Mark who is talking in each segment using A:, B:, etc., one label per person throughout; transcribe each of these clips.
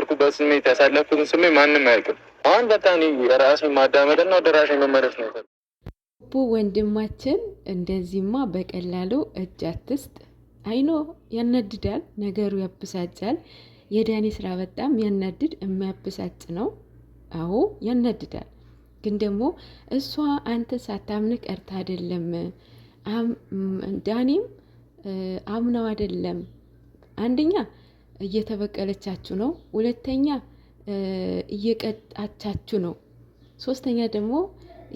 A: የነበርኩበት ስሜት ያሳለፍኩትን ስሜት ማንም አያውቅም። አሁን በጣም ማዳመጥ ማዳመጥና ወደ ራሴ መመለስ ነው። ቡ ወንድማችን እንደዚህማ በቀላሉ እጅ አትስጥ። አይኖ ያነድዳል፣ ነገሩ ያብሳጫል። የዳኒ ስራ በጣም ያናድድ የሚያብሳጭ ነው። አዎ ያናድዳል። ግን ደግሞ እሷ አንተ ሳታምን ቀርታ አይደለም ዳኒም አምነው አይደለም አንደኛ እየተበቀለቻችሁ ነው። ሁለተኛ እየቀጣቻችሁ ነው። ሶስተኛ ደግሞ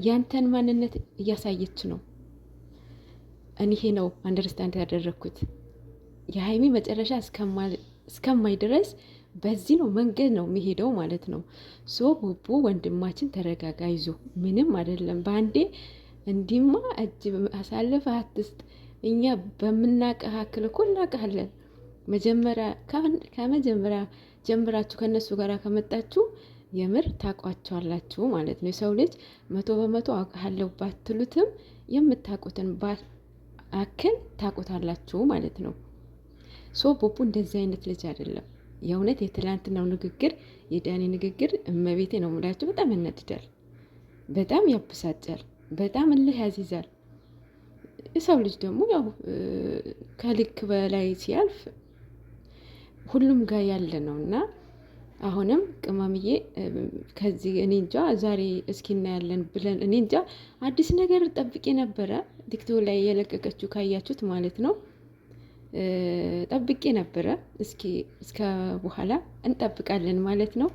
A: ያንተን ማንነት እያሳየች ነው። እኒሄ ነው አንደርስታንድ ያደረግኩት የሀይሚ መጨረሻ እስከማይ ድረስ በዚህ ነው መንገድ ነው የሚሄደው ማለት ነው። ሶ ቡቡ ወንድማችን ተረጋጋ፣ ይዞ ምንም አይደለም። በአንዴ እንዲማ እጅ አትስጥ። እኛ በምናቀህ እኮ እናቀሃለን። ከመጀመሪያ ጀምራችሁ ከእነሱ ጋር ከመጣችሁ የምር ታቋቸዋላችሁ ማለት ነው። የሰው ልጅ መቶ በመቶ አውቃለሁ ባትሉትም የምታውቁትን አክል ታውቁታላችሁ ማለት ነው። ሶ ቦቡ እንደዚህ አይነት ልጅ አይደለም። የእውነት የትላንትናው ንግግር የዳኒ ንግግር እመቤቴ ነው የምላችሁ። በጣም ያነድዳል፣ በጣም ያበሳጫል፣ በጣም እልህ ያዚዛል። የሰው ልጅ ደግሞ ያው ከልክ በላይ ሲያልፍ ሁሉም ጋር ያለ ነው እና አሁንም ቅመምዬ ከዚህ እኔ እንጃ ዛሬ እስኪ እናያለን ብለን እኔ እንጃ አዲስ ነገር ጠብቄ ነበረ። ቲክቶክ ላይ የለቀቀችው ካያችሁት ማለት ነው ጠብቄ ነበረ። እስኪ እስከ በኋላ እንጠብቃለን ማለት ነው።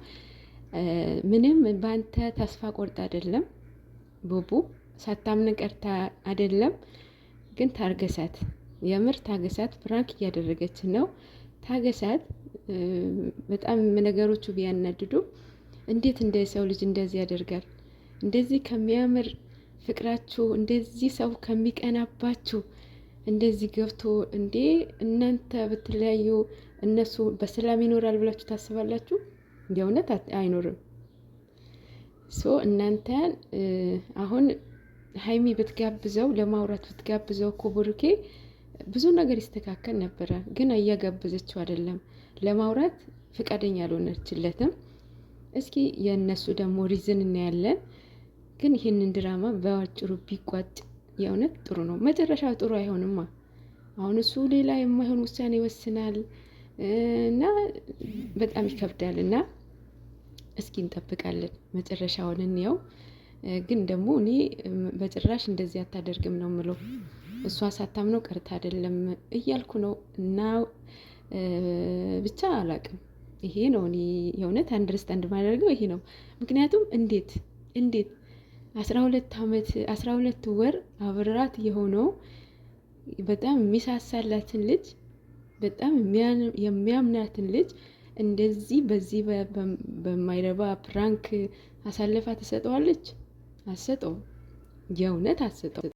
A: ምንም በአንተ ተስፋ ቆርጥ አይደለም ቦቡ ሳታምን ቀርታ አይደለም፣ ግን ታርገሳት፣ የምር ታገሳት። ፍራንክ እያደረገች ነው ታገሳት በጣም ነገሮቹ ቢያናድዱ እንዴት እንደ ሰው ልጅ እንደዚህ ያደርጋል? እንደዚህ ከሚያምር ፍቅራችሁ እንደዚህ ሰው ከሚቀናባችሁ እንደዚህ ገብቶ እንዴ እናንተ በተለያዩ እነሱ በሰላም ይኖራል ብላችሁ ታስባላችሁ? እንደ እውነት አይኖርም። ሶ እናንተ አሁን ሀይሚ ብትጋብዘው ለማውራት ብትጋብዘው እኮ ብሩኬ ብዙ ነገር ይስተካከል ነበረ፣ ግን እያጋበዘችው አይደለም። ለማውራት ፍቃደኛ አልሆነችለትም። እስኪ የእነሱ ደግሞ ሪዝን እናያለን። ግን ይህንን ድራማ በአጭሩ ቢቋጭ የእውነት ጥሩ ነው። መጨረሻው ጥሩ አይሆንማ። አሁን እሱ ሌላ የማይሆን ውሳኔ ይወስናል እና በጣም ይከብዳል እና እስኪ እንጠብቃለን መጨረሻውን እንየው። ግን ደግሞ እኔ በጭራሽ እንደዚህ አታደርግም ነው የምለው። እሷ ሳታምነው ቀርታ አይደለም እያልኩ ነው። እና ብቻ አላቅም። ይሄ ነው እኔ የእውነት አንደርስታንድ ማደርገው ይሄ ነው። ምክንያቱም እንዴት እንዴት አስራ ሁለት አመት አስራ ሁለት ወር አብራት የሆነው በጣም የሚሳሳላትን ልጅ በጣም የሚያምናትን ልጅ እንደዚህ በዚህ በማይረባ ፕራንክ አሳልፋ ትሰጠዋለች። አሰጠው። የእውነት አሰጠው።